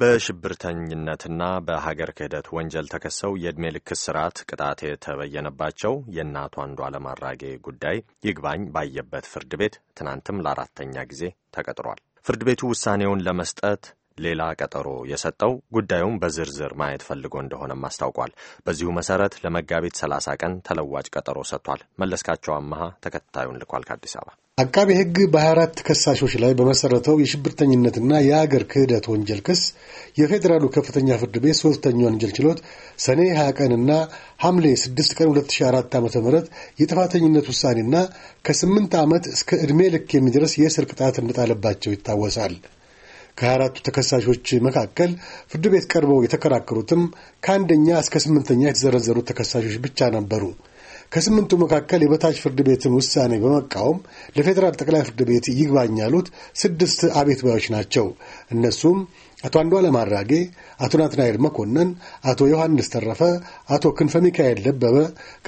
በሽብርተኝነትና በሀገር ክህደት ወንጀል ተከሰው የዕድሜ ልክ ስርዓት ቅጣት የተበየነባቸው የእናቱ አንዷ አራጌ ጉዳይ ይግባኝ ባየበት ፍርድ ቤት ትናንትም ለአራተኛ ጊዜ ተቀጥሯል። ፍርድ ቤቱ ውሳኔውን ለመስጠት ሌላ ቀጠሮ የሰጠው ጉዳዩም በዝርዝር ማየት ፈልጎ እንደሆነም አስታውቋል። በዚሁ መሰረት ለመጋቢት 30 ቀን ተለዋጭ ቀጠሮ ሰጥቷል። መለስካቸው አመሃ ተከታዩን ልኳል ከአዲስ አበባ አቃቤ ሕግ በ24 ተከሳሾች ላይ በመሠረተው የሽብርተኝነትና የአገር ክህደት ወንጀል ክስ የፌዴራሉ ከፍተኛ ፍርድ ቤት ሶስተኛ ወንጀል ችሎት ሰኔ 20 ቀንና ሐምሌ 6 ቀን 2004 ዓ ም የጥፋተኝነት ውሳኔና ከ8 ዓመት እስከ ዕድሜ ልክ የሚደርስ የእስር ቅጣት እንደጣለባቸው ይታወሳል። ከ24ቱ ተከሳሾች መካከል ፍርድ ቤት ቀርበው የተከራከሩትም ከአንደኛ እስከ ስምንተኛ የተዘረዘሩት ተከሳሾች ብቻ ነበሩ። ከስምንቱ መካከል የበታች ፍርድ ቤትን ውሳኔ በመቃወም ለፌዴራል ጠቅላይ ፍርድ ቤት ይግባኝ ያሉት ስድስት አቤት ባዮች ናቸው። እነሱም አቶ አንዷለም አራጌ፣ አቶ ናትናኤል መኮንን፣ አቶ ዮሐንስ ተረፈ፣ አቶ ክንፈ ሚካኤል ደበበ፣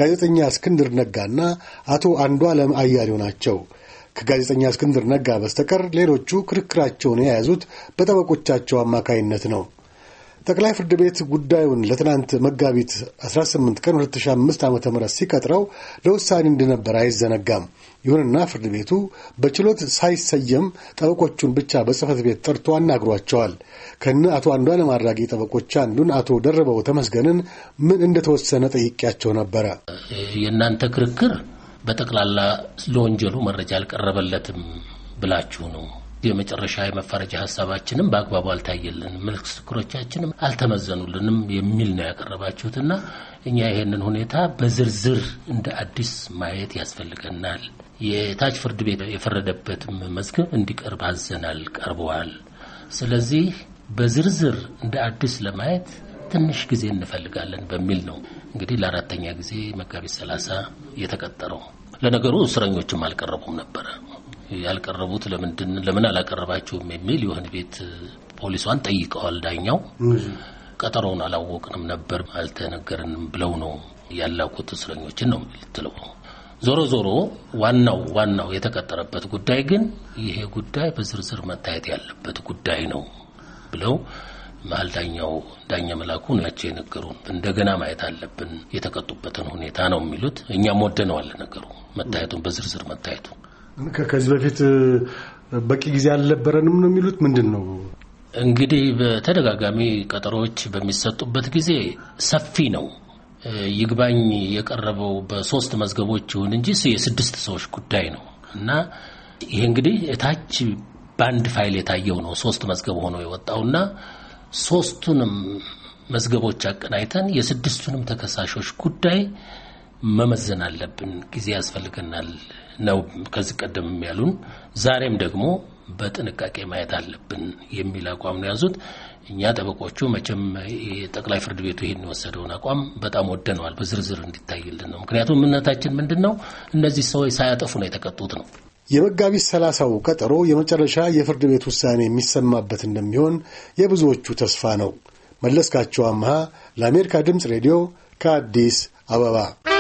ጋዜጠኛ እስክንድር ነጋና አቶ አንዷለም አያሌው ናቸው። ከጋዜጠኛ እስክንድር ነጋ በስተቀር ሌሎቹ ክርክራቸውን የያዙት በጠበቆቻቸው አማካይነት ነው። ጠቅላይ ፍርድ ቤት ጉዳዩን ለትናንት መጋቢት 18 ቀን 2005 ዓ ም ሲቀጥረው ለውሳኔ እንደነበር አይዘነጋም። ይሁንና ፍርድ ቤቱ በችሎት ሳይሰየም ጠበቆቹን ብቻ በጽህፈት ቤት ጠርቶ አናግሯቸዋል። ከነ አቶ አንዷለም አራጌ ጠበቆች አንዱን አቶ ደረበው ተመስገንን ምን እንደተወሰነ ጠይቄያቸው ነበረ። የእናንተ ክርክር በጠቅላላ ለወንጀሉ መረጃ አልቀረበለትም ብላችሁ ነው የመጨረሻ የመፈረጃ ሀሳባችንም በአግባቡ አልታየልንም፣ ምስክሮቻችንም አልተመዘኑልንም የሚል ነው ያቀረባችሁት እና እኛ ይሄንን ሁኔታ በዝርዝር እንደ አዲስ ማየት ያስፈልገናል። የታች ፍርድ ቤት የፈረደበትም መዝገብ እንዲቀርብ አዘናል፣ ቀርበዋል። ስለዚህ በዝርዝር እንደ አዲስ ለማየት ትንሽ ጊዜ እንፈልጋለን በሚል ነው እንግዲህ ለአራተኛ ጊዜ መጋቢት ሰላሳ የተቀጠረው። ለነገሩ እስረኞችም አልቀረቡም ነበረ። ያልቀረቡት ለምንድን ለምን አላቀረባችሁም የሚል የሆነ ቤት ፖሊሷን ጠይቀዋል። ዳኛው ቀጠሮውን አላወቅንም ነበር አልተነገርንም ብለው ነው ያላኩት እስረኞችን ነው የምትለው። ዞሮ ዞሮ ዋናው ዋናው የተቀጠረበት ጉዳይ ግን ይሄ ጉዳይ በዝርዝር መታየት ያለበት ጉዳይ ነው ብለው መሀል ዳኛው ዳኛ መላኩ ናቸው የነገሩን። እንደገና ማየት አለብን የተቀጡበትን ሁኔታ ነው የሚሉት። እኛም ወደነዋል ነገሩ መታየቱን በዝርዝር መታየቱን ከዚህ በፊት በቂ ጊዜ አልነበረንም ነው የሚሉት? ምንድን ነው እንግዲህ በተደጋጋሚ ቀጠሮዎች በሚሰጡበት ጊዜ ሰፊ ነው። ይግባኝ የቀረበው በሶስት መዝገቦች ይሁን እንጂ የስድስት ሰዎች ጉዳይ ነው እና ይሄ እንግዲህ እታች በአንድ ፋይል የታየው ነው። ሶስት መዝገብ ሆኖ የወጣውና ሶስቱንም መዝገቦች አቀናይተን የስድስቱንም ተከሳሾች ጉዳይ መመዘን አለብን። ጊዜ ያስፈልገናል ነው ከዚህ ቀደም ያሉን። ዛሬም ደግሞ በጥንቃቄ ማየት አለብን የሚል አቋም ነው የያዙት። እኛ ጠበቆቹ መቼም የጠቅላይ ፍርድ ቤቱ ይህን የወሰደውን አቋም በጣም ወደነዋል። በዝርዝር እንዲታይልን ነው። ምክንያቱም እምነታችን ምንድን ነው? እነዚህ ሰዎች ሳያጠፉ ነው የተቀጡት ነው። የመጋቢት ሰላሳው ቀጠሮ የመጨረሻ የፍርድ ቤት ውሳኔ የሚሰማበት እንደሚሆን የብዙዎቹ ተስፋ ነው። መለስካቸው አምሃ ለአሜሪካ ድምፅ ሬዲዮ ከአዲስ አበባ